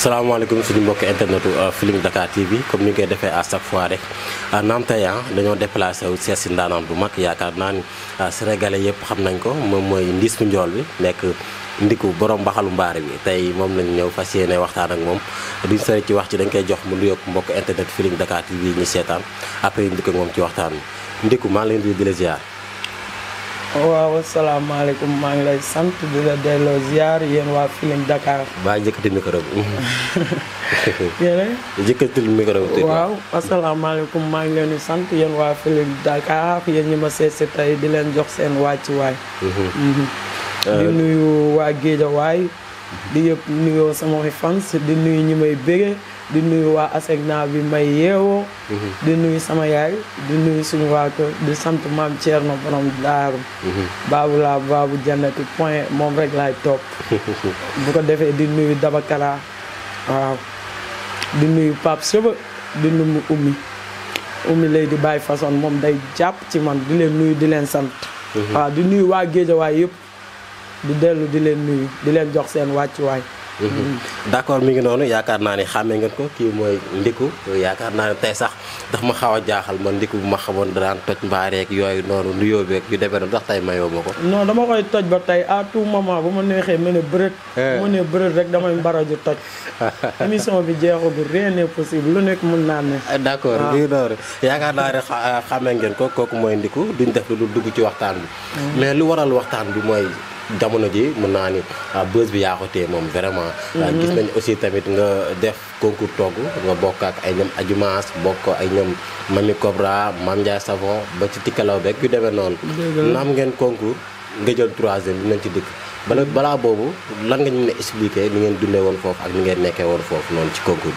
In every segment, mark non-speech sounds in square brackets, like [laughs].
salaamaaleykum suñu mbokki internetu euh, Feeling Dakar TV comme ni ñu koy defee à chaque fois rek euh, naam tey ah, dañoo déplacé wu seet si ndaanaan bu mag yaakaar naa ni euh, sénégalais yëpp xam nañ ko moom mooy ndiis bu njool bi nekk ndiku borom mbaxalu mbaari bi tey moom lañ ñëw fas yéene waxtaan ak moom duñ sori ci wax ci dañ koy jox mu yokk mbokk internet Feeling Dakar TV ñu seetaan après ñu dikk moom ci waxtaan bi ndiku maa ngi leen di di waaw asalaamaaleykum maa ngi lay sant di la delloo ziar yéen waa Feeling Dakar. baa njëkkati micro bi. yéen a. njëkkatil micro bi. [laughs] waaw asalaamaaleykum maa ngi leen di sant yéen waa Feeling Dakar yéen ñi ma seet tey di leen jox seen wàccuwaay. Mhm. Mhm. Euh, di nuyu waa Géejawaay di yëpp nuyoo sama fans di nuyu ñi may bége. di nuyu waa ASECNA bi may yeewoo. Mhm. di nuyu sama yaay di nuyu suñu waa kër di sant maam Thierno borom daaru mhm. baabu laa baabu jannati point moom rek laay topp. [laughs] bu ko defee di nuyu Dabakala waaw di nuyu Pape Seba di nuyu ummi ummi léegi bàyyi façon moom day jàpp ci man di leen nuyu di leen sant. Mhm. waaw di nuyu waa Géejawaay yëpp di dellu di leen nuyu di leen jox seen wàccuwaay. Mhm. d'accord mi ngi noonu yaakaar naa ne xàmmee ngeen ko kii mooy ndiku yaakaar naa ne tey sax daf ma xaw a jaaxal man ndiku bu ma xamoon daan toj mbaareeg yooyu noonu nuyoo beeg yu demee noonu ndax tey mayoo ma ko non dama koy toj ba tey à tout moment bu ma neexee eh. mu ne bërët bu ma nee bërët rek damay mbaraju toj [laughs] émission bi jeexagul rien n'est possible lu nekk mun naa ne eh, d'accord mi ngi noonu yaakaar naa ne xàmmee ngeen ko kooku mooy ndiku duñ def lu dugg ci waxtaan bi mm. mais lu waral waxtaan bi mooy jamono ji mën naa ni ah, bës bi yaa moom téye moom vraiment. Mhm. Ah, gis nañ aussi tamit nga def concours togg nga bokk ak ay ñoom Adjumas bokk ay ñoom Mami Cobra Mame Ndiaye Savon ba ci Tikalaw beeg yu demee noonu. naam ngeen concours nga jël troisième bi nañ ci dikk. bala boobu lan nga ñu ne ngeen dundee woon foofu ak ni ngeen nekkee woon foofu noonu ci concours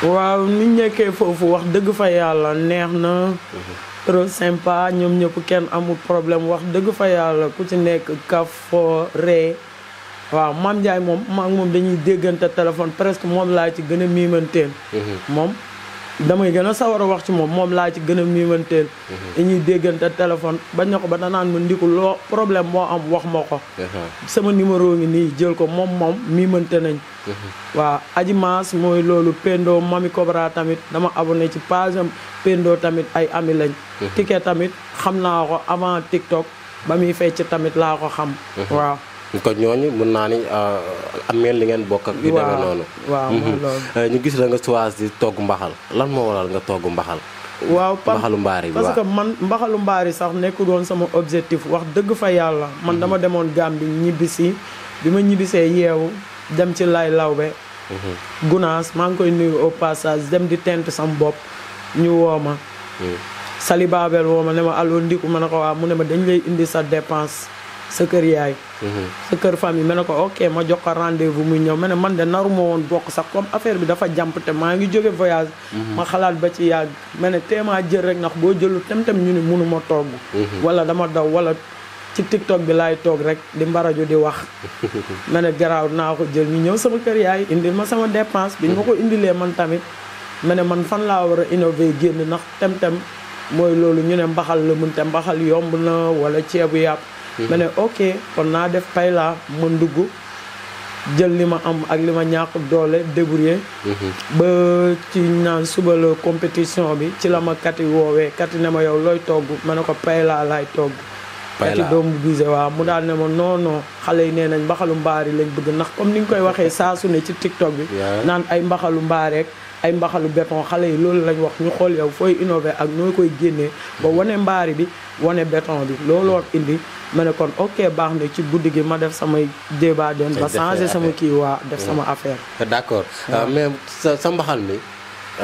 bi. waaw ni ñu nekkee foofu wax dëgg fa yàlla neex na. Mhm. trop sympa ñoom ñëpp kenn amul problème wax dëgg fa yàlla ku ci nekk kaf foo ree waaw Mame Ndiaye moom maa ngi moom dañuy déggante téléphone presque moom laa ci gën a miimanteen mhm. moom damay gën a sawar a wax ci moom moom laa ci gën a miimanteel mhm. dañuy déggante téléphone bañ na ko ba naan ma ndiku loo problème moo am wax ma ko mhm. sama numéro ngi nii jël ko moom moom miimante nañ mhm. waaw aji maas mooy loolu Pendo Mami Cobra tamit dama abonné ci page am Pendo tamit ay ami lañ ticket tamit xam naa ko avant TikTok ba muy fecc tamit laa ko xam waaw ko ñooñu mun naa ni euh, am li ngeen bokk ak. yu demee noonu mhm. euh, ñu gis la nga choisir di togg mbaxal lan moo waral nga togg mbaxal. waaw mbaxalu mbaar parce que man mbaxalu mbaar yi sax nekku doon sama objectif wax dëgg fa yàlla man mhm. dama demoon Gambie ñibbisi bi ma ñibbisee yeewu dem ci lay lawbe. Mhm. Gunaas maa ngi koy nuyu au passage dem di tent sama bopp ñu woo ma. Sali ma ne ma allo Ndiku ma ne ko waa mu ne ma dañ lay indi sa dépense. sa kër yaay mhm. sa kër famille ma ne ko ok ma jox ko rendez-vous muy ñëw ma ne man de naruma woon bokk sax comme affaire bi dafa jàmp te maa ngi jóge voyage mhm. ma xalaat ba ci yàgg ma ne téemaa jël rek ndax boo jëlu tem-tem ñu ne mënuma togg mhm. wala dama daw wala ci tiktok bi laay toog rek di mbaraju di wax [laughs] ma ne garaaw naa ko jël ñu ñëw sama kër yaay indil ma sama dépense bi ñu ma ko indilee man tamit ma ne man fan laa war a innové génn ndax tem-tem mooy loolu ñu ne mbaxal la mun te mbaxal yomb na wala ceebu yàpp Mhm. ma ne ok kon naa def pay laa ma ndugg jël li ma am ak li ma ñàkk doole débrouiller mhm. ba ci naan suba la compétition bi ci la ma kati woowee kati ne ma yow looy togg ma ne ko pay laa laay togg kati doomu bise waaw mu daal ne ma non xale yi nee nañ mbaxalu mbaari lañ bëgg ndax comme ni nga koy waxee saa ne ci tiktok bi naan ay mbaxalu mbaareek ay mbaxalu béton xale yi loolu lañu wax ñu xool yow fooy innové ak noo koy génnee ba mhm. wane mbaari bi wane beton bi looloo indi ma ne kon ok baax na ci guddi gi ma def samay débat den ba changé sama kii waa def mm. sama affaire ah, d'accord ah. Ah, mais sa sa mbaxal mi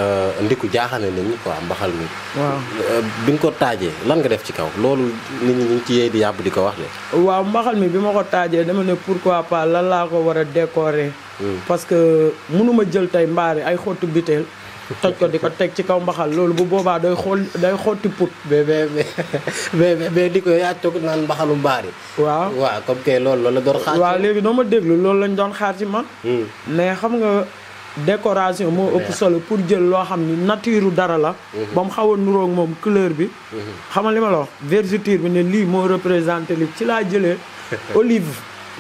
euh, ndiku jaaxale na ñu quoi mbaxal mi waaw euh, bi nga ko taajee lan nga def ci kaw loolu nit ñi ñu ngi ci yee di yàbb di ko wax de waaw mbaxal mi bi ma ko taajee dama ne pourquoi pas lan laa ko war a décorer mm. parce que mënuma jël tey mbaari ay xottu biteel toj ko di ko teg ci kaw mbaxal loolu bu boobaa day xool day xotti put. mais mais mais di ko yaa toog naan mbaxalu mbaar yi. waaw waaw comme que loolu loolu la doon xaar. léegi noo ma déglu loolu lañ doon xaar ci man. Hmm. mais xam nga décoration moo ëpp solo pour jël loo xam ni nature dara la. Hmm. ba mu xaw a moom couleur bi. Hmm. xamal li ma la bi ne lii moo représenté li ci laa jëlee [laughs] olive.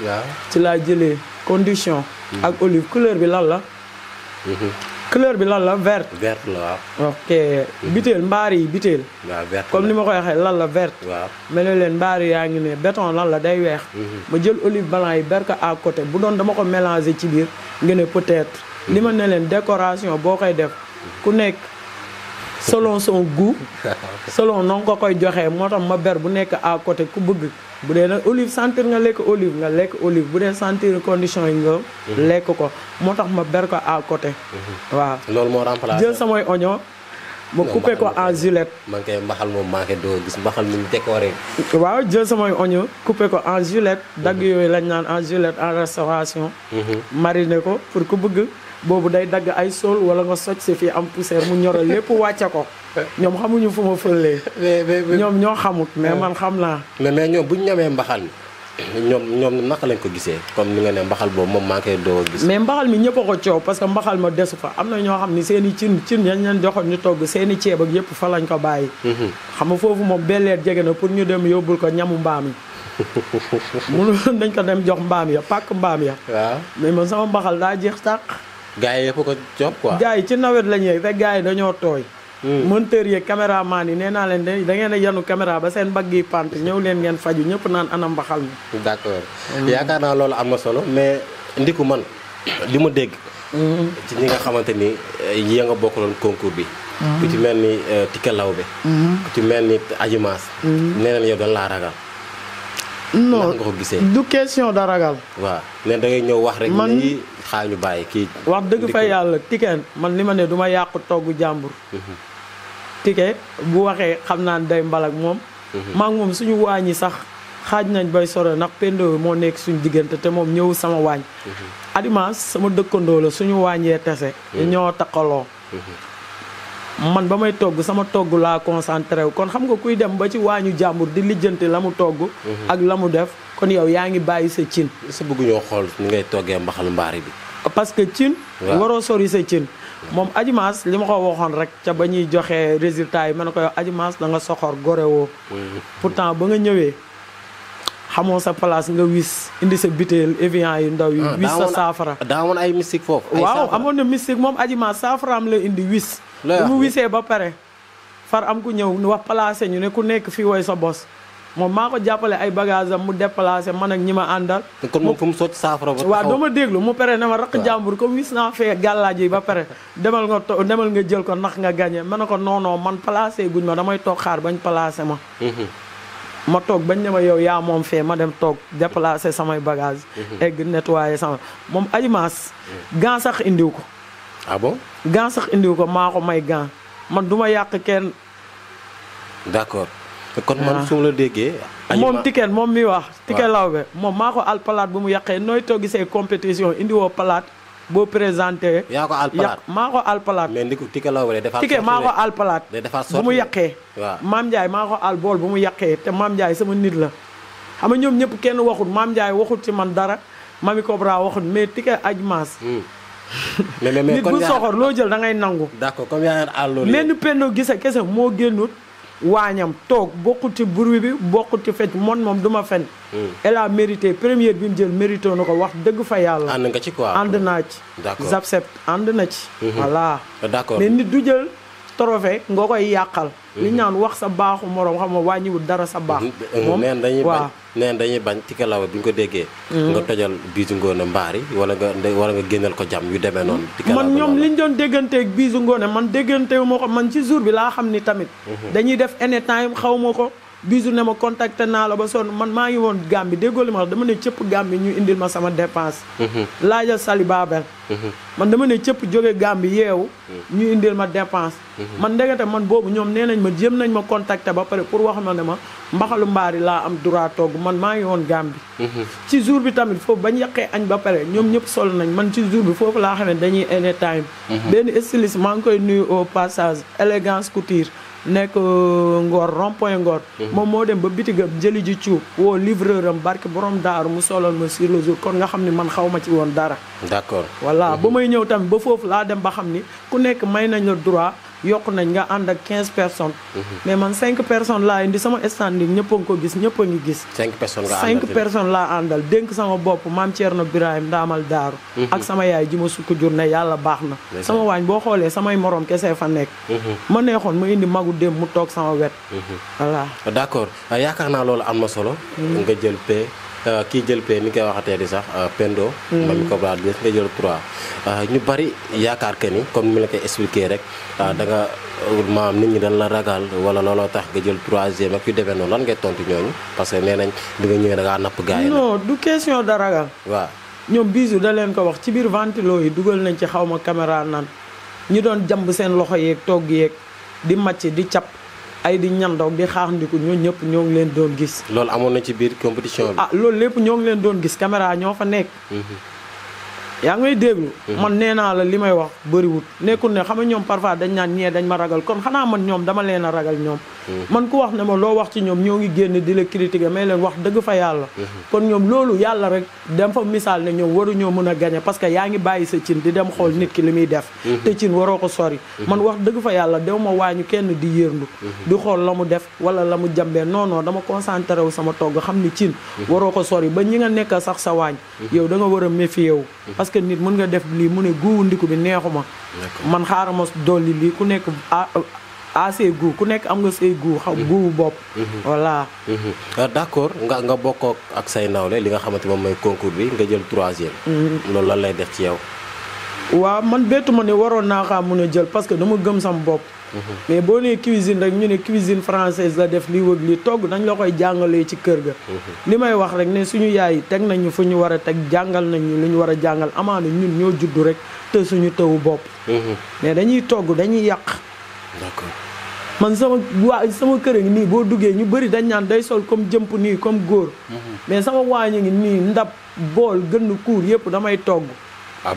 waaw ci laa jëlee condition. ak olive couleur bi lan la. couleur bi lan la vert verte la waaw. ok mhm. biteel mbaar yi biteel. waaw verte comme ni ma ko waxee lan la vert waaw ma ne leen mbaar yaa ngi ne beton lan la day weex. Mhm. ma jël olive blanc yi berka à côté bu doon dama ko mélanger ci biir nga ne peut-être. li mhm. ma ne leen décoration boo koy def ku nekk. solon son gu selon noo nga koy joxee moo tax ma ber bu nekk à côté ku bëgg bu dee na olive sentir nga lekk olive nga lekk olive bu dee sentir condition yi nga mhm. lekk ko moo tax ma ber ko à côté mhm. waaw loolu moo remplacé jël samay oignon ma coupé ko en julette. man kay mbaxal moom maa ngi doo gis mbaxal mu décoré. waaw jël samay oignon coupé ko en julette. dagg mhm. yooyu lañ naan en julette en restauration. mariné ko pour ku bëgg. boobu day dagg ay sol wala nga soj si fii am poussière mu ñoral lépp wàcce ko ñoom xamuñu fu ma fëllee ñoom ñoo xamut mais man xam naa mais mais ñoom bu ñu ñamee mbaxal mi ñoom ñoom naka ko gisee comme ni nga ne mbaxal boobu moom maa koy doo gis mi ñëpp a ko coow parce que mbaxal ma desu fa am na ñoo xam ni seen i cin cin yañ leen joxoon ñu togg seeni i ceeb yëpp fa lañ ko bàyyi mm-hmm. xam nga foofu moom belleet jege na pour ñu dem yóbbul ko ñamu mbaam yi [laughs] mënu dañ ko dem jox mbaam ya pàkk mbaam ya waaw mais man sama mbaxal daa jeex tàq gars yi yëpp ko job quoi. gars ci nawet lañ yëg te yi dañoo tooy. Hmm. monteur yeeg caméraman yi nee naa leen da ngeen yanu caméra ba seen bagg yi pant ñëw leen ngeen faju ñëpp naan ana mbaxal mi. d'accord hmm. yaakaar naa loolu am na solo mais ndiku man li ma dégg. Hmm. ci ñi nga xamante ni eh, yi nga bokkaloon concours bi. ku ci mel ni eh, Tikelawbe. ku ci mel ni Ajimaas. nee nañ yow dañ laa ragal. non nga ko gisee du question da ragal. waaw leen da ngay ñëw wax rek. man nii xaañu bàyyi kii. wax dëgg fa yàlla Tiken man li ma ne duma yàqu togg jàmbur. Mhm. Tiken bu waxee xam naa ne day mbalak moom. Mhm. maa moom suñu waañ yi sax xaaj nañ bay sore ndax Pendo moo nekk suñu diggante te moom ñëw sama waañ. Mhm. Adima sama dëkkandoo la suñu waañee tese. ñoo takkaloo. man ba may togg sama togg laa concentré kon xam nga kuy dem ba ci waañu jàmbur di lijjanti la mu togg mhm. ak la mu def kon yow yaa ngi bàyyi sa cin sa bëgg ñoo xool ni ngay toggee mbaxal mbaari bi parce que cin waroo sori sa cin moom Adjimass li ma ko waxoon rek ca ba ñuy joxee résultat yi man ne ko yow Adjimass da nga soxor gorewoo mhm. temps ba nga ñëwee xamoo sa place nga wis indi sa butéel évian yu ndaw yi ah, wis sa saafara daa ay mystique foofu la indi wis bu mu wisee ba pare far am ku ñëw nu wax placé ñu ne ku nekk fii woy sa bos moom maa ko jàppale ay bagage am mu déplacé man ak ñi ma àndal kon moom fu mu sotti saafara ba waaw dama déglu mu pare ne ma raq jàmbur comme wis naa ba pare demal nga to demal nga jël ko ndax nga gagné ma ne ko non man placé guñ ma damay toog xaar bañ placé ma mhm. toog bañ ne yow yaa moom fee ma dem toog déplacé samay bagage mhm. egg nettoyé sama moom ajimaas mhm. gan sax indiw ko ah bon sax indiwu ko maa ko may gant man du ma yàq kenn. d'accord. kon man ah. su ma la déggee. moom ticket moom mi wax. ticket lawbe moom maa ko al palaat bu mu yàqee nooy toggi say compétition indiwoo palaat boo présenté. yaa ko al palaat maa ko al palaat. mais ni ko ticket lawbe maa ko al palaat. bu mu yàqee. waaw maam Ndiaye maa ko al bool bu mu yàqee te maam Ndiaye sama nit la. xam nga ñoom ñëpp kenn waxut maam Ndiaye waxut ci man dara mami Cobra waxut mais ticket aj maas. Hmm. mais mais nit bu soxor loo jël da ngay nangu. d'accord comme yaa ngi lenn pendu gise kese moo génnut waañam toog ci bruit bi bokkuti fecc mon moom du ma fen. Hmm. elle a mérité première bi mu jël mérité na ko wax dëgg fa yàlla. ànd nga ci quoi ànd naa ci. d'accord j'accepte ànd na ci. voilà. d'accord mais nit du jël. trophée nga koy yàqal. Mhm. li ñu naan wax sa baaxu moroom xam nga wàññiwul dara sa baax. Mhm. Euh, moom neen dañuy bañ neen dañuy bañ ci kalaaw bi ñu ko déggee. Mhm. nga tojal biisu ngoone mbaari wala nga wala nga génneel ko jam yu demee noonu. ci man ñoom li ñu doon dégganteeg biisu ngoone man déggante moo ko man ci jour bi laa xam ni tamit. dañuy def any time xaw ko. bisu ne ma contacté naa la ba sonn man maa ngi woon Gambie déggoo li ma wax dama ne cëpp Gambie ñu indil ma sama dépense. Mhm. laajal Sali Babel. Mhm. man dama ne cëpp jóge Gambie yeewu. Mhm. ñu indil ma dépense. man ndegete man boobu ñoom nee nañ ma jëm nañ ma contacté ba pare pour wax ma ne ma mbaxalu mbaari laa am droit togg man maa ngi woon Gambie. ci jour bi tamit foofu bañ yàqee añ ba pare ñoom ñëpp sol nañ man ci jour bi foofu laa xam ne dañuy anytime. benn styliste maa ngi koy nuyu au passage élégance couture. nekk euh, Ngor rond-point Ngor. Mhm. moom moo dem ba bitigam jëli ji cuub woo livreur am barke borom daaru mu solal ma sur le jour kon nga xam ni man xaw ma ci woon dara. d'accord voilà mhm. ba may ñëw tamit ba foofu laa dem ba xam ni ku nekk may nañ la droit. yokk nañ nga ànd ak quinze mhm. mais man cinq personnes laa indi sama standing ñëpp a ngi ko gis ñëpp a ngi gis cinq personnes laa àndal dénk sama bopp maam Thierno Birahim ndaamal daaru mhm. ak sama yaay ji ma sukk jur ne yàlla baax na sama waañ boo xoolee samay moroom kese fa nekk mhm. ma neexoon ma indi magu dem mu toog sama wet voilà d'accord ah, yaakaar naa loolu am na solo nga jël paie Euh, kii jël pe ni koy waxatee di sax euh, Pendo. Mamy Cobra bi nga jël 3. Euh, ñu bari yaakaar que ni comme ni la koy expliqué rek da nga maam nit ñi dañ la ragal wala looloo tax nga jël troisième ak yu demee noonu lan ngay tontu ñooñu parce que nee nañ bi nga ñëwee da ngaa napp gars yi. non du question da ragal. waaw ñoom bisu da leen ko wax ci biir ventilo yi dugal nañ ci xaw ma caméra naan ñu doon jàmb seen loxo yeeg togg yeeg di màcc di cap. ay di ñandaw di xaarandiku ñu ñëpp ñoo ngi leen doon gis. loolu amoon na ci biir compétition bi. ah loolu lépp ñoo ngi leen doon gis caméra ñoo fa nekk. Mm-hmm. yaa ngay déglu mhm. man nee naa la li may wax bëriwut nekkul ne xam nga ñoom parfois dañ naan ñee dañ ma ragal kon xanaa man ñoom dama leen a ragal ñoom mhm. man ku wax ne ma loo wax ci ñoom ñoo ngi génn di la critiquer may leen wax dëgg fa yàlla mhm. kon ñoom loolu yàlla rek dem fa misaal ne ñoom waruñoo ñoo mën a gañe parce que yaa ngi bàyyi sa cin di dem xool nit ki li muy def te cin waroo ko sori man wax dëgg fa yàlla dew ma waañu kenn di yërndu di xool la mu def wala la mu jambee non dama concentré wu sama togg xam ni cin waroo ko sori ba ñi nga nekk sax sa waañ yow da war a méfier wu parce que nit mën nga def lii mu ne guuwu ndiku bi neexu ma man xaarama dolli lii ku nekk à say goût ku nekk am nga say goût xam mhm. goût bopp mhm. voilà mhm. Euh, d'accord nga nga bokkoo ak say nawle li nga xamante moom mooy concours bi nga jël troisième loolu lan lay def ci yow waaw man bettu ma ne waroon naa xam mun a jël parce que dama gëm sam bopp Mhm. mais boo nee cuisine rek ñu ne cuisine française la def lii wëg lii togg dañ la koy jàngalee ci kër ga mhm. li may wax rek ne suñu yaay teg nañu fu ñu war a teg jàngal nañu lu ñu war a jàngal amaana ñun ñoo juddu rek te suñu tëwu bopp mhm. mais dañuy togg dañuy yàq man sama waa sama kër a ngi nii boo duggee ñu bëri dañ naan day sol comme jëmp nii comme góor mais sama waañ a ngi nii ndab bool gën kuur yëpp damay togg ah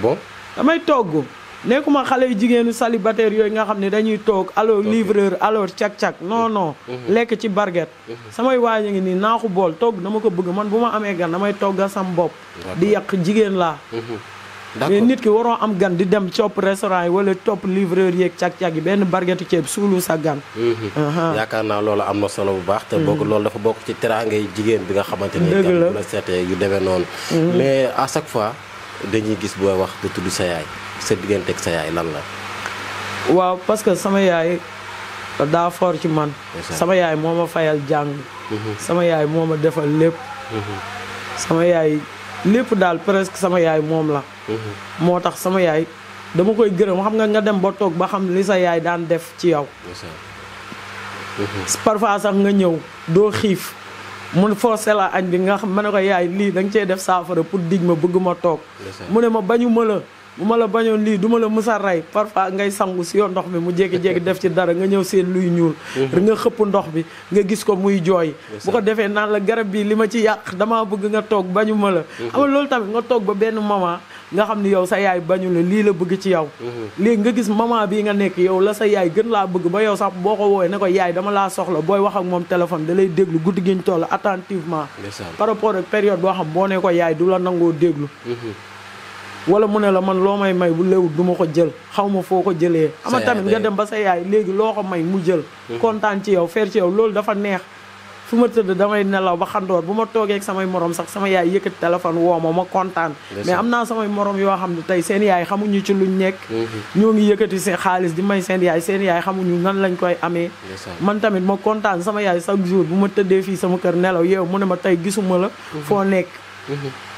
damay togg nekkuma xale yu jigéenu célibataire yooyu nga xam ne dañuy toog alors livreur alors cak-cak non mm-hmm. Mm-hmm. lekk ci barget mm-hmm. samay waay a ngi nii naaxu bool togg dama ko bëgg man bu ma amee gan damay toggal sam bopp di yàq jigéen laa mais nit ki waroo am gan di dem copp restaurant yi wala topp livreur yeeg cag-cag yi benn bargetu ceeb suulu sa gan yaakaar naa loolu am na solo bu baax te bokk loolu dafa bokk ci teraangay jigéen bi nga xamante ni gan bu la seetee yu demee mais à chaque fois dañuy gis booy wax nga yaay sa diggante ak sa yaay lan la. waaw parce que sama yaay daa fort ci man. sama yaay moo ma fayal jàng. Mhm. sama yaay moo ma defal lépp. Mhm. sama yaay lépp daal presque sama yaay moom la. Mhm. moo tax sama yaay dama koy gërëm xam nga nga dem ba toog ba xam li sa yaay daan def ci yow. parfois sax nga ñëw doo xiif. mun forcé la añ bi nga xam ma ne ko yaay lii da cee def saafara pour dig ma bëgg ma toog. mu ne ma bañu la. bu ma la bañoon lii duma la mësa rey parfois ngay sangu si yoo ndox mi mu jékki-jékki def ci dara nga ñëw seen luy ñuul mhm. nga xëpp ndox bi nga gis ko muy jooy bu ko defee naan la garab bi li ma ci yàq damaa bëgg nga toog bañu ma la mhm. ama loolu nga toog ba benn moment nga xam ni yow sa yaay bañu la lii la bëgg ci yow mhm. léegi nga gis moment bii nekk yow la sa yaay gën laa bëgg ba yow sax boo ko woowee ne ko yaay dama laa soxla booy wax ak moom téléphone da lay déglu guddi gi ñu toll attentivement par rapport ak période boo xam boo ne ko yaay du la nangoo déglu wala mu ne la man loo may may bu léewul duma ko jël xaw ma foo ko jëlee ama tamit nga dem ba sa yaay léegi loo ko may mu jël hmm. kontaan ci yow feer ci yow loolu dafa neex fu ma tëdd damay nelaw ba xandoor bu ma toogee ak samay morom sax sama yaay yëkkati téléphone woo ma ma kontaan am naa samay morom yoo xam ne tey seen yaay xamuñu ci luñ nekk hmm. ñoo ngi yëkkati seen xaalis di may seen seen yaay xamuñu nan lañ koy amee man tamit ma kontaan sama yaay chaque jour bu ma tëddee fii sama kër nelaw yow mu ne ma tey gisuma la hmm. foo nekk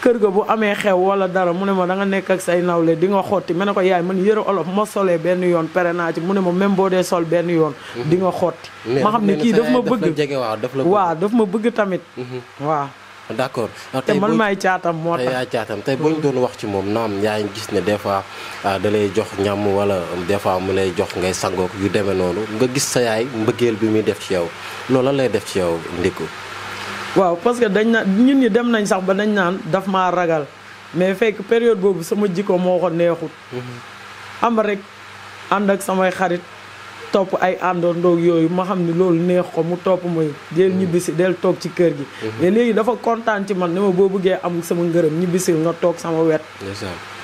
kër ga bu amee xew wala dara mu ne ma da nga nekk ak say nawle di nga xotti ma ne ko yaay man yëre olof ma solee benn yoon pere naa ci mu ne ma même boo dee sol benn yoon mhm. di nga xotti ma xam ne kii daf ma bëgg waaw daf ma bëgg tamit mhm. waaw d'accord ah, te man maay caatam moo tax caatam tey boo ñu doon wax ci moom naam yaa ngi gis ne des fois ah, da lay jox ñam wala des fois mu lay jox ngay sangook yu demee noonu nga gis sa yaay mbëggeel bi muy def ci yow loola lay def ci yow Ndickou waaw parce que dañ na ñun ñi dem nañ sax ba dañ naan dafa maa ragal mais fekk période boobu sama jikko moo ko neexut. Mhm. am rek ànd ak samay xarit topp ay àndandoo yooyu ma xam ne loolu neex ko mu topp mooy del mm. ñibbisi del toog ci kër gi mm-hmm. mais léegi dafa kontaan ci man ne ma boo bëggee am sama ngërëm ñibbisil nga toog sama wet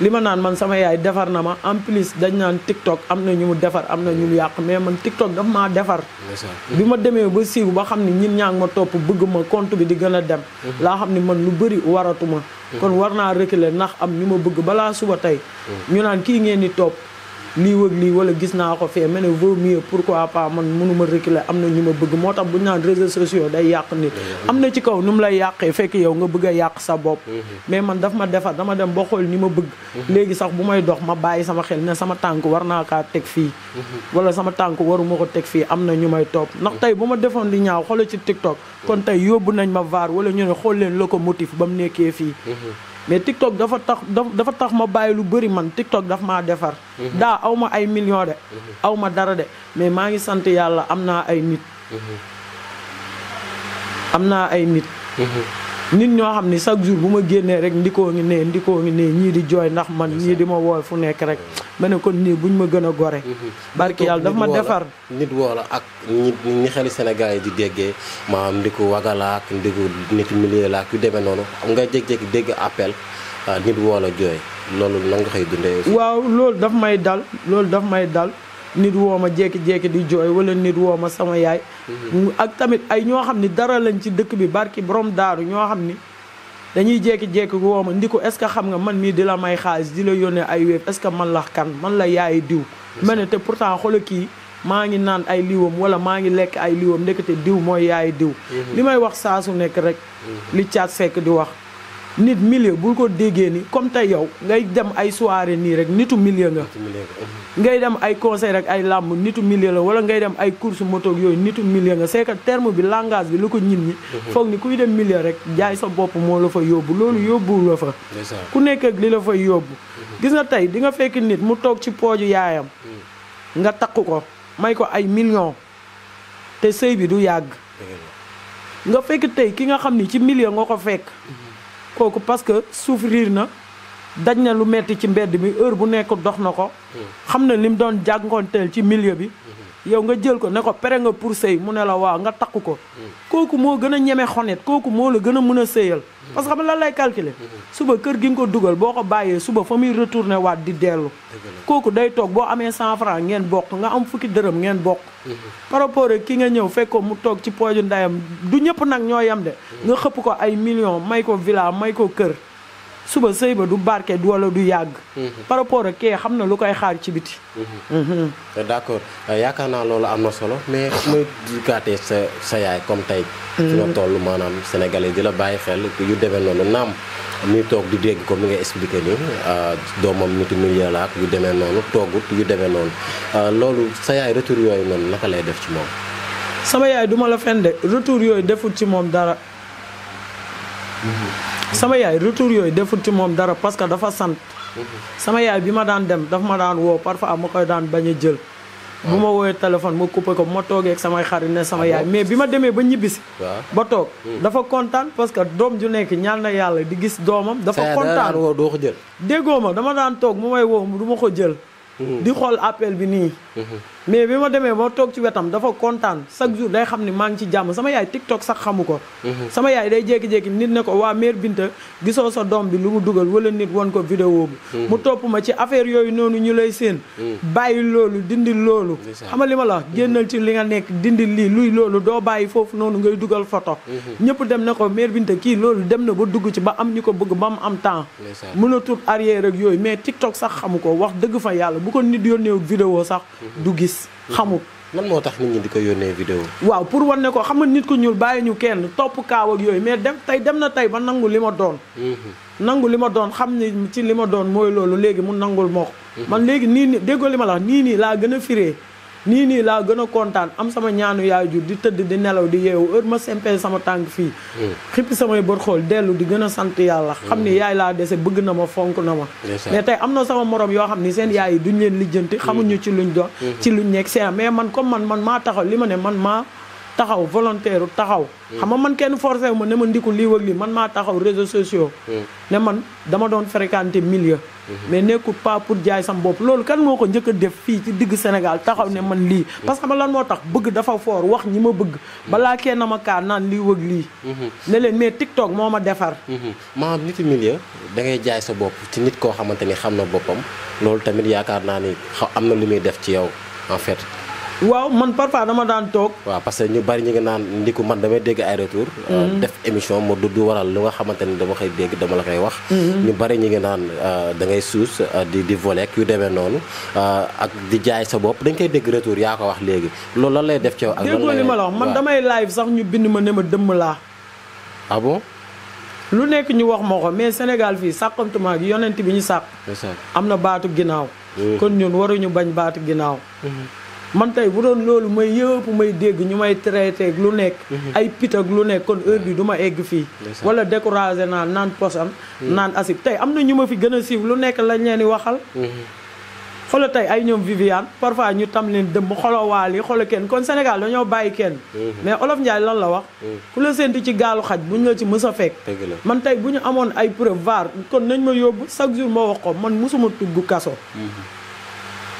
li ma naan man sama yaay defar na ma en plus dañ naan TikTok am na ñu mu defar am na ñu yàq mais man TikTok daf maa defar bi ma demee ba siiw ba xam ne ñin ñaa ngi ma topp bëgg ma compte bi di gën a dem mm-hmm. laa xam ne man lu bëri ma mm-hmm. kon war naa reculer ndax am ñu ma bëgg balaa suba tey mm. ñu naan kii ngeen di topp lii wëg lii wala gis naa ko fee mais ne vaut mieux pourquoi pas man mënuma reculer am na ñu ma bëgg moo tax bu naan réseaux sociaux day yàq nit am na ci kaw nu mu lay yàqee fekk yow nga bëgg a yàq sa bopp mais man dafa ma defar dama dem ba xool ni ma bëgg léegi sax bu may dox ma bàyyi sama xel ne sama tànk war naa kaa teg fii wala sama tànk waruma ko teg fii am na ñu may topp ndax tey bu ma defoon di ñaaw xoolal ci TikTok kon tey yóbbu nañ ma vaar wala ñu ne xool leen locomotive ba mu nekkee fii mais TikTok dafa tax dafa tax ma bàyyi lu bëri man TikTok dafa maa defar. Mhm. daa aw ma ay millions de. Mhm. aw ma dara de mais maa ngi sant yàlla am naa ay nit. Mhm. am naa ay nit. nit ñoo xam ne chaque jour bu ma génnee rek ndikoo ngi nee ndikoo ngi nee ñii di jooy ndax man ñii di ma wooy fu nekk rek ma ne kon nii buñ ma gën a gore mm-hmm. barki yàlla daf ma defar nit woola ak ñi ñi xeli Sénégal yi di déggee maanaam ndiku wagala ak ndiku nit milieu la ak yu demee noonu nga jékki-jékki dégg appel ah, nit woola jooy loolu nan xëy dundee waaw loolu daf may dal loolu daf may dal nit woo ma jékki-jékki di jooy wala nit woo ma sama yaay. Mhm. ak tamit ay ñoo xam ni dara lañ ci dëkk bi barki borom daaru ñoo xam ni dañuy jékki-jékki woo ma ndi ko est ce que xam nga man mii di la may xaalis di la yónnee ay wéef est que man la kan man la yaay diw. ma ne te pourtant xoolal kii maa ngi naan ay liwam wala maa ngi lekk ay liwam ndekete diw mooy yaay diw. Mhm. li may wax saa su nekk rek. Mhm. li caat sekk di wax. nit milieu bul ko déggee ni comme tey yow ngay dem ay soirée nii rek nitu milieu nga. ngay dem ay concert rek ay làmb nitu milieu la wala ngay dem ay course moto yooyu nitu milieu nga c'est que terme bi langage bi lu ko ñin ñi. Mhm. foog ni kuy dem milieu rek jaay sa bopp moo la fa yóbbu loolu mhm. yóbbuwul la fa. ku nekk li la fa yóbbu. Mhm. gis nga tey di nga fekk nit mu toog ci pooju yaayam. nga takk ko may ko ay millions te sëy bi du yàgg. nga fekk tey ki nga xam ni ci milieu nga ko fekk. kooku parce que souffrir na daj na lu metti ci mbedd mi heure bu nekk dox na ko hmm. xam na li mu doon jànkonteel ci milieu bi yow nga jël ko ne ko pere nga pour sëy mu ne la waaw nga takku ko kooku moo gën a ñeme xonet kooku moo la gën a mën a sëyal parce que xam lan lay calculer suba kër gi nga ko dugal boo ko bàyyee suba fa muy retourne waat di dellu kooku day toog boo amee cent franc ngeen bokk nga am fukki dërëm ngeen bokk par rapport ak ki nga ñëw fekk ko mu toog ci pooju ndayam du ñëpp nag ñoo yam de nga xëpp ko ay millions may ko villa may ko kër suba sëy ba du barke wala du yàgg. Mhm. par rapport ak kee xam na lu koy xaar ci biti. Mhm. Mhm. Euh, d' accord euh, yaakaar naa loolu am na solo mais fu may gàttee sa sa yaay comme tey. fi nga toll maanaam sénégalais di la bàyyi xel yu demee noonu naam. ñuy toog di dégg ko mi nga expliqué ni euh, doomam nitu milieu la ak yu demee noonu toogut yu demee noonu loolu sa yaay retour yooyu noonu naka lay def ci moom. sama yaay duma la fen de retour yooyu deful ci moom dara. sama yaay retour yooyu deful ci moom dara parce que dafa sant. sama yaay bi ma daan dem dafa ma daan woo am ma koy daan bañ a jël. bu ma woowee téléphone ma coupé ko bu ma toogee ak samay xarit ne sama yaay ah mais bi ma demee ba ñibbisi ba toog hmm. dafa kontaan parce que doom ju nekk ñaan na yàlla di gis doomam dafa kontaan woo doo ko jël déggoo ma dama daan toog mu may woo du ma ko jël hmm. di xool appel bi nii mais bi ma demee ba toog ci wetam dafa kontaan chaque jour day xam ni maa ngi ci jàmm sama yaay TikTok sax xamu ko. Mhm. sama yaay day jékki-jékki nit ne ko waa mère Binta gisoo sa doom bi lu mu dugal wala nit woon ko vidéo bi. Mhm. mu topp ma ci affaire yooyu noonu ñu lay seen. Mhm. bàyyi loolu dindi loolu. xam li ma la génnal ci li nga nekk dindi lii luy loolu doo bàyyi foofu noonu ngay dugal photo. ñëpp dem na ko mère Binta kii loolu dem na ba dugg ci ba am ñu ko bëgg ba mu temps. a tut arrière yooyu mais TikTok sax xamu ko wax dëgg fa yàlla bu ko du gis xamul. lan moo tax nit ñi di ko yónnee vidéo. waaw pour wan ne ko xam nga nit ko ñuul bàyyi ñu kenn topp kaaw yooyu mais dem tey dem na tey ba nangu li ma doon. Mhm. nangu li ma doon xam ni ci li ma doon mooy loolu léegi mu nangul moo mhm. man léegi nii nii déggoo li ma la nii nii laa gën a firee. nii nii laa gën a kontaan am sama ñaanu yaay jur di tëdd di nelaw di yeewu heure ma sempee sama tànk fii hmm. xippi samay bët xool dellu di gën a sant yàlla xam ni hmm. yaay laa dese bëgg na ma fonk na ma mais tey am na sama morom yoo xam ni seen yaay yi duñ leen lijjanti xamuñu hmm. ci luñ doon ci luñ nekk seen mais man comme man man maa taxaw li ma ne man maa taxaw volontaire taxaw. Hmm. xam ma man kenn forcé ma ne ma ndikul lii wëg lii man maa taxaw réseaux sociaux. Hmm. ne man dama doon fréquenter milieu. Hmm. mais nekku pas pour jaay sam bopp loolu kan moo ko njëkk a def fii ci digg Sénégal taxaw ne man lii. parce que xam lan moo tax bëgg dafa foor wax ñi ma bëgg. balaa kenn ma kaa naan lii wëg lii. ne leen mais TikTok moo ma defar. maanaam nit milieu da ngay jaay sa bopp ci nit koo xamante ni xam na boppam loolu tamit yaakaar naa ni xaw am na lu muy def ci yow waaw man parfois dama daan toog. waa parce que ñu bari ñu ngi naan ko man damay dégg ay retour. Mm-hmm. Euh, def émission moo du waral lu nga xamante ni dama koy dégg dama la koy wax. Mm-hmm. ñu bari ñu ngi naan euh, da ngay suus euh, di di voler yu demee noonu ak di jaay sa bopp dañ koy dégg retour yaa ko wax léegi loolu lan lay def ci yow. ak lan ma la man damay live sax ñu bind ma ne ma dëmm laa. ah lu nekk ñu wax ma ko mais Sénégal fii sàqantuma ak yonent bi ñu sàq. am na baatu ginnaaw. kon ñun waruñu bañ baatu ginnaaw. Mm-hmm. man tey bu doon loolu may yëpp may dégg ñu may traité lu nekk. Mhm. ay pit ak lu nekk kon heure bi du ma egg fii. wala découragé naa naan posan mhm. naan asib tey am na ñu ma fi gën a siiw lu nekk lañ leen di waxal. Mhm. xoolal tey ay ñoom Viviane parfois ñu tam leen dëmb xoolal waal yi xoolal kenn kon Sénégal dañoo bàyyi kenn. mais Olof Ndiaye lan la wax. ku la séntu ci gaalu xaj ñu la ci mës a fekk. man tey bu ñu amoon ay preuve var kon nañ ma yóbbu chaque jour ma wax ko man mosuma tugg kaso.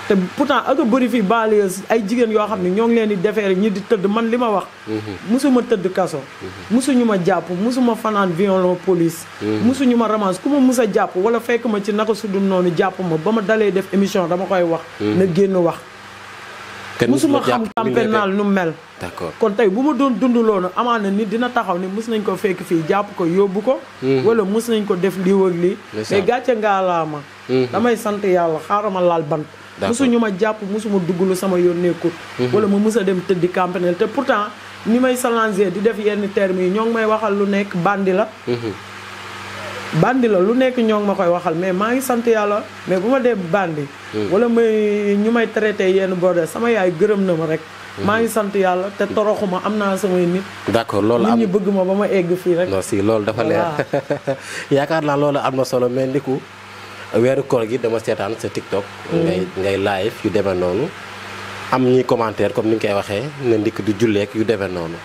te pourtant ak a bëri fii balayeuse ay jigéen yoo xam ne ñoo ngi leen di defeere ñi di tëdd man li ma wax mhm. musuma tëdd kaso mhm. musuñu ma jàpp musuma fanaan violon police mhm. musuñu ma ramage ku ma mus a jàpp wala fekk ma ci naka sudul noonu jàpp ma ba ma dalee def émission dama koy wax na génn wax kenn musuma xam campagne pénal nu mel d'accord kon tey bu ma doon dund loolu amaana nit dina taxaw ni mus nañ ko fekk fii jàpp ko yóbbu ko hmm. wala mus nañ ko def lii wëg lii mais gàcce ngaa laa ma hmm. damay sant yàlla xaaral ma laal bant ñu ma jàpp musuma dugg lu sama yoon nekkul hmm. wala ma mus a dem tëddi campagne te pourtant ni may challengé di def yenn termes yi ñoo ngi may waxal lu nekk bandi la bandi la lu nekk ñoo ngi ma koy waxal mais maa ngi sant yàlla mais bu ma dee bandi hmm. wala may ñu may traité yenn border sama yaay gërëm na ma rek hmm. maa ngi sant yàlla te toroxuma am naa samay nit d'accord loolu am nit ñi ba ma egg fii rek non loolu dafa leer [laughs] yaakaar naa loolu am na solo mais ndiku weeru koor gi dama seetaan sa TikTok hmm. ngay ngay live yu demee noonu am ñi commentaire comme ni nga koy waxee ne ndikk du julleek yu demee noonu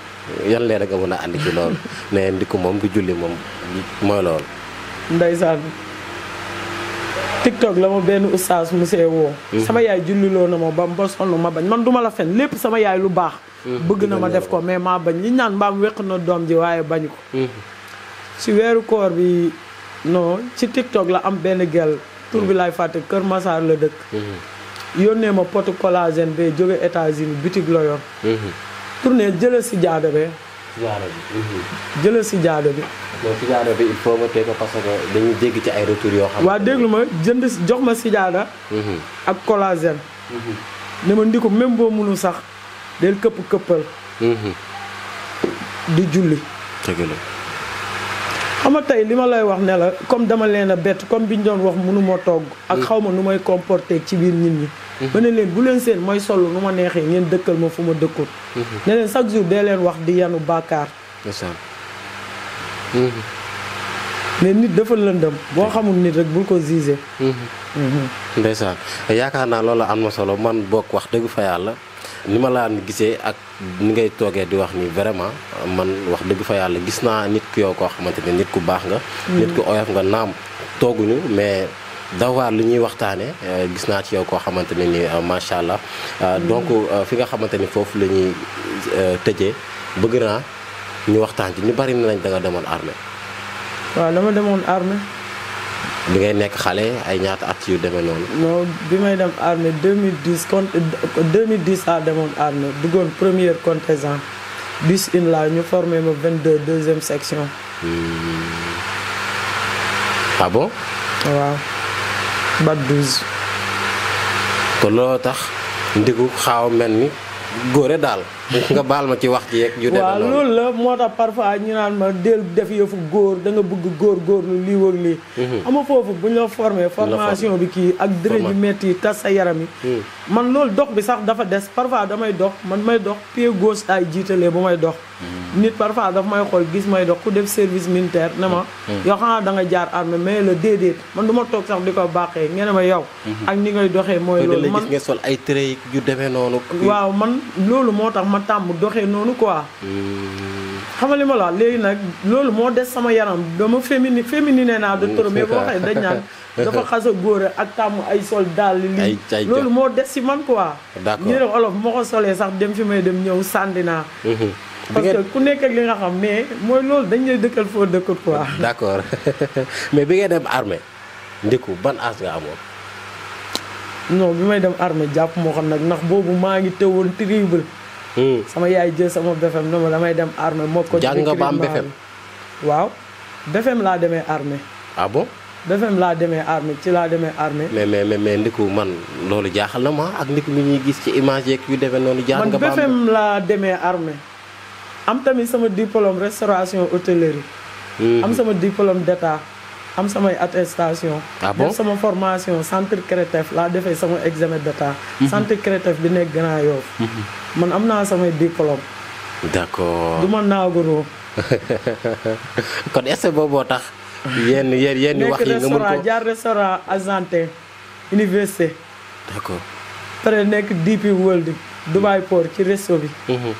yan leer nga mën a andi ci loolu [laughs] ne ndikku moom du julli moom mooy loolu ndeysaan tiktok la ma benn oustaz monsieur woo mhm. sama yaay julliloo na ma ba ba ma bañ man duma la fen lépp sama yaay lu baax mhm. bëgg na ma def ko mais maa bañ ñi ñaan mbaam wéq na doom ji waaye bañ ko mhm. si weeru koor bi non ci tiktok la am benn gel tur laay fàtte Kër Massar la dëkk yónnee ma pot collagène ba jóge États-Unis boutique la yor tourné si jaada be jaada bi. Mhm. jëlal si jaada bi. non si bi il faut nga ko parce que dañuy dégg ci ay retours yoo xam. waaw déglu ma jënd jox ma si mhm. ak collagène. Mhm. ne ma ndi ko même boo mënul sax del këpp këppal. di julli. dëgg xam nga tey li ma lay wax ne la comme dama leen a bett comme ñu doon wax mënu ma togg. ak xaw ma nu may comporter ci biir nit ñi. ma ne leen bu leen seen mooy sol nu ma neexee ngeen dëkkal ma fu ma dëkkut mhm. ne leen chaque jour dee leen wax di yanu bàkkaar mhm. ne nit dafa lëndëm boo xamul nit rek bul ko gisee mhm. ndeysaan yaakaar naa loolu am na solo man bokk wax dëgg fa yàlla ni ma laa gisee ak ni ngay toogee di wax ni vraiment man wax dëgg fa yàlla gis naa nit ku yow koo xamante ne nit ku baax nga nit ku oyof nga naam tooguñu mais dawaar lu ñuy waxtaane euh, gis naa ci yow koo xamante ne ni euh, macha allah euh, donc fi nga xamante ni foofu la ñuy tëjee bëgg naa ñu waxtaan ci ñu bari na lañ da nga demoon armée waaw dama demoon armée bi ngay nekk xale ay ñaata at yu demee noonu non bi may dem armée 2010 con 2010 a demoon armée duggoon première contingent bis in la ñu formé ma 22 deuxième section hmm. ah bon baat douze. kon looloo tax ndigu xaaw mel ni góore daal. nga baal ma ci wax ji yeeg. yu demee moo tax parfois ñu naan ma del def yëfu góor da nga bëgg góor góorlu lii wëg lii. Mhm. ama foofu bu ñu la formé. formation bi kii ak dërëj yu métti yi tas sa yaram yi. Mhm. man loolu dox bi sax dafa des parfois damay dox man may dox pied gauche ay jiitalee bu may dox. Mhm. nit parfois daf may xool gis may dox ku service militaire ne ma. yoo da nga jaar armée mais la déedéet man du ma toog sax di ko baaxee ngeen ma yow. ak ni ngay doxee mooy loolu man nga sol ay trait yu demee noonu. waaw man loolu moo tax man tàmm doxe noonu quoi. xamali ma la léegi nag loolu moo des sama yaram dama féminin féminin naa de trop mais boo waxee dañ dafa xas a góor ak tàmm ay sol daal li loolu moo des si man quoi yére olof moo ko solee sax dem fi may dem ñëw sànni naa parce que ku nekk ak nga xam mais mooy loolu dañ lay dëkkal foo dëkkut quoi d'accord [laughs] mais bi ngay dem armée ndiku ban âge nga amoon non bi may dem armée jàpp moo xam nag ndax boobu maa ngi tewoon terrible Hmm. sama yaay jël sama BFEM na ma damay dem armée moo ko jàng nga ba am BFEM waaw BFEM laa demee armée abo ah bon laa demee armée ci laa demee armée mais mais mais ndiku man loolu jaaxal na ma ak ndiku mi ñuy gis ci image yeeg yu demee noonu jàng nga ba am BFEM laa demee armée am tamit sama diplôme restauration hôtellerie hmm. am sama diplôme d'état am samay attestation def ah sama formation centre CRETEF laa defee sama examen d'état mhm. centre CRETEF bi nekk Grand Yoff mhm. man am naa samay diplôme d'accord du ma naagunoo [laughs] kon essai booboo tax yéen yéen yéen wax yi nga mën ko nekk jaar restaurant Argentine université d'accord après nekk DP World Dubai mhm. Port ci resto bi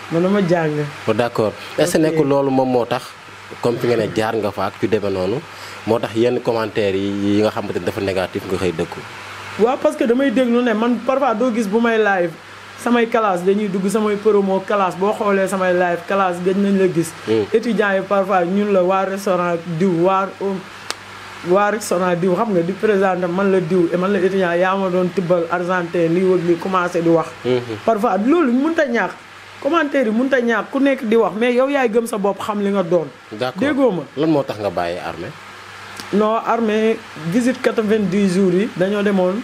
man dama jàng oh, d'accord est-ce loolu moom moo tax comme fi nga ne jaar nga fa ak ci demee noonu moo tax yenn commentaires yi yi nga xamante ne dafa négatif nga xëy dëkku. waaw parce que damay déglu ne man parfois doo gis bu may live samay classe dañuy dugg samay promo classe boo xoolee samay live classe gëj nañ la gis. Hmm. étudiants yi parfois ñun la waa restaurant diw waa waa restaurant diw xam nga di présenté man la diw man la étudiant yaa ma doon tibbal argentin lii wëg li commencé di wax. Hmm. parfois loolu mënut a ñaax. commentaire yi mënut a ñaax ku nekk di wax mais yow yaay gëm sa bopp xam li nga doon. d'accord déggoo ma lan moo tax nga bàyyi armée non armée visite 90 jours yi dañoo demoon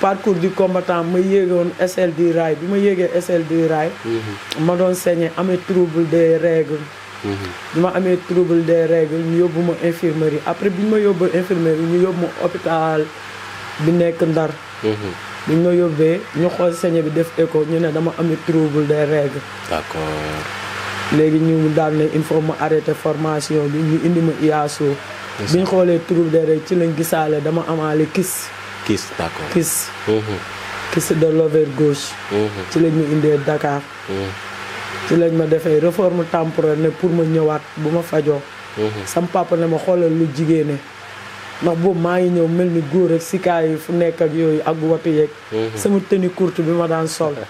parcours du combattant ma yéegoon SLD raay bi ma yéegee SLD raay mhm. ma doon saigner amee trouble des règles mhm. bi ma amee trouble des règles ñu yóbbu ma infirmerie après bi ñu ma yóbbu infirmerie ñu yóbbu ma hôpital bi nekk Ndar mhm. bi ma yóbbee ñu xool saigner bi def écho ñu ne dama amee trouble des règles léegi ñu daal ne il faut ma arrêté formation bi ñu indi ma IASO. bi xoolee troupe de rek ci lañ gisaale dama amaale kiss. kiss d'accord kiss. Mm-hmm. kiss de l'ovaire gauche. Mm-hmm. ci lañ ma indee dakaar mm-hmm. ci lañ ma defee réforme temporaire pour ma ñëwaat bu ma fajoo. sam papa ne ma xoolal lu jigéene ndax boobu maa ngi ñëw mel ni góor ak sikaay fu nekk ak yooyu ak watu yeeg. sama tenue courte bi ma daan sol. [laughs]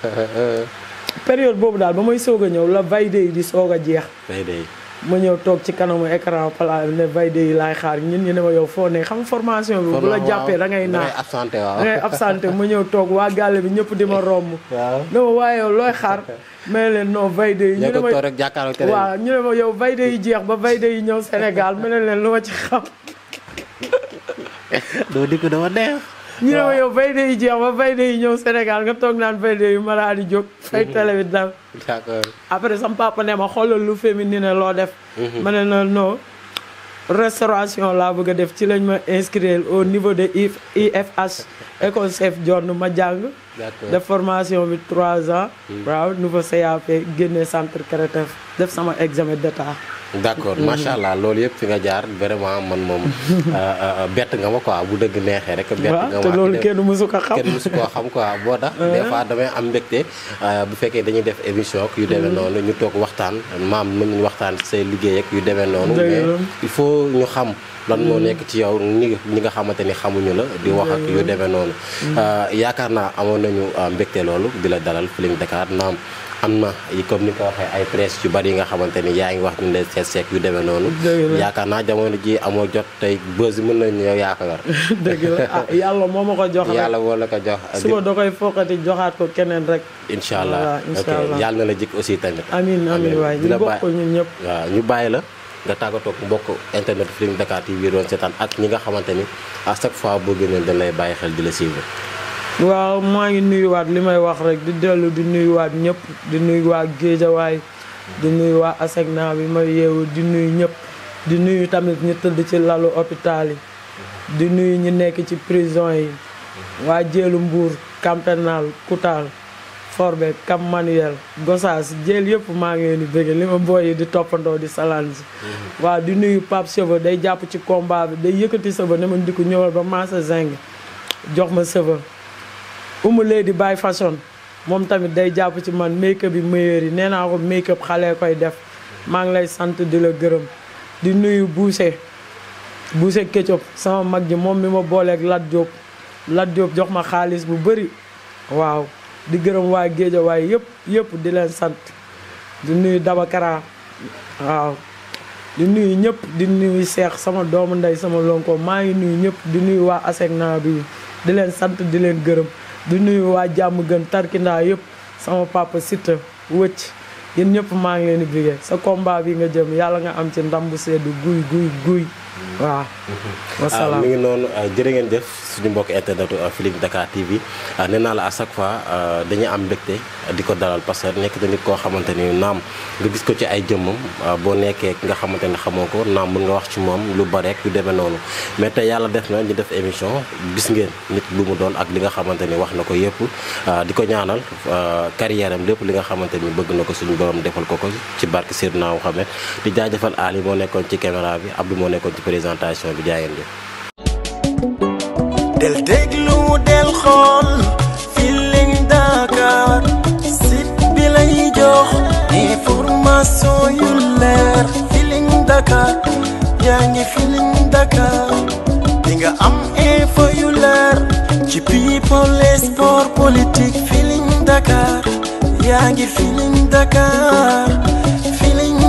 période boobu daal ba may soog a ñëw la vayde yi di soog a jeex. vayde ma ñëw toog ci kanamu écran pala ne vayde yi laay xaar ñun ñu ne ma yow foo ne xam formation bi. bu la jàppee da ngay naan absenté waaw da ngay absenté ma ñëw toog waa gàlle bi ñëpp di ma [laughs] romb. ne ma waaye looy xaar. [laughs] ma mais leen non vayde yi. ñu ne rek jàkkaarloo waaw ñu ne ma yow vayde yi jeex ba vayde yi ñëw Sénégal ma ne leen lu ma ci xam. [laughs] ñu ne ma yow Fayda yi jeex ba Fayda yi ñëw Sénégal nga toog naan Fayda yu Mara di jóg. Mhm. fay télé bi après sama papa ne ma xoolal lu féminine loo def. Mhm. ma ne la restauration laa bëgg a def ci lañ ma inscrire au niveau de IFH [laughs] école chef John ma jàng. def formation bi trois ans. Mhm. waaw nouveau CAP génne centre créatif def sama examen d'état. d' accord mhm. macha allah loolu yëpp fi nga jaar vraiment man moom [laughs] euh, euh, bett nga ma quoi bu dëgg neexee rek. bett nga ma te loolu kenn mësu ko xam kenn boo tax. [laughs] des am mbégte euh, bu fekkee dañuy def émission yu demee mhm. noonu ñu toog waxtaan maam mën nañu waxtaan say liggéey ak yu demee noonu. il faut ñu xam. lan moo mhm. nekk ci yow ñi ñi nga xamante ni xamuñu la di wax ak yu demee noonu. yaakaar naa amoon nañu mbégte loolu di la dalal Feeling Dakar naam. am na comme ni ko waxee ay presse yu bari yi nga xamante ni yaa ngi wax ñu lay seet seek yu demee noonu yaakaar naa jamono ji amoo jot tey bës mën nañu yow yaa ko [laughs] la ah yàlla moo ma jox yàlla moo ko jox suba da koy fokkati joxaat ko keneen rek incha allah ok yàlla na la jik aussi tamit amin amin waaye ñu bokk ñun ñëpp ñu bàyyi la nga tàggatoog mbokk internet Feeling Dakar TV doon seetaan ak ñi nga xamante ni à chaque fois boo génnee dañ lay bàyyi xel di la suivre waaw maa ngi nuyuwaat li may wax rek di dellu di nuyuwaat ñëpp di nuyu waa géejawaay di nuyu waa asegna bi may yeewu di nuyu ñëpp di nuyu tamit ñu tëdd ci lalu hôpital yi di nuyu ñu nekk ci prison yi waa jéelu mbuur camp pénal Koutal Forbe Cap Manuel Gossas jéel yëpp maa ngi leen di bëgg li ma booy yi di toppandoo di salaan salange mm-hmm. waa di nuyu Pape Cheva day jàpp ci combat bi day yëkkati sëba ne ma di ko ñëwal ba maasa zing jox ma sëba Oumou Lady bàyyi façon moom tamit day jàpp ci man make up yi meilleur yi nee naa ko make xale koy def maa ngi lay sant di la gërëm di nuyu Bousse Bousse Ketchup sama mag ji moom mi ma booleeg Lat Diop Lat Diop jox ma xaalis bu bari waaw di gërëm waa géeja waaye yëpp yëpp di leen sant di nuyu Dabakara waaw di nuyu ñëpp di nuyu Cheikh sama doomu ndey sama lonko maa ngi nuyu ñëpp di nuyu waa ASECNA bi di leen sant di leen gërëm du nuyu waa jàmm gën tarkindaa yëpp sama papa Siteu wëcc yéen ñëpp maa ngi leen di bigee sa combat bi nga jëm yàlla nga am ci ndam bu sedd guy guy guy waaw. Mm-hmm. wasalaam ah, mi ngi noonu ah, jërë ngeen jëf suñu mbokk internet ah, Feeling Dakar TV nee naa la à chaque fois dañu am mbégte di ko dalal parce que nekk na nit koo xamante ni naam nga gis ko ci ay jëmmam boo nekkee nga xamante ni xamoo ko naam mën nga wax ci moom lu bareek ak lu demee noonu mais te yàlla def na ñu def émission gis ngeen nit lu mu doon ak li nga xamante ni wax na ko yëpp di ko ñaanal carrière am lépp li nga xamante ni bëgg na ko suñu borom defal ko ko ci barke Seydina Muhammad di jaajëfal Ali moo nekkoon ci caméra bi moo nekkoon ci présentation bi del xool Feeling Dakar site bi lay jox information yu leer Feeling Dakar yaa ngi Feeling Dakar di am info yu leer ci people sport politique Feeling Dakar yaa ngi Feeling Dakar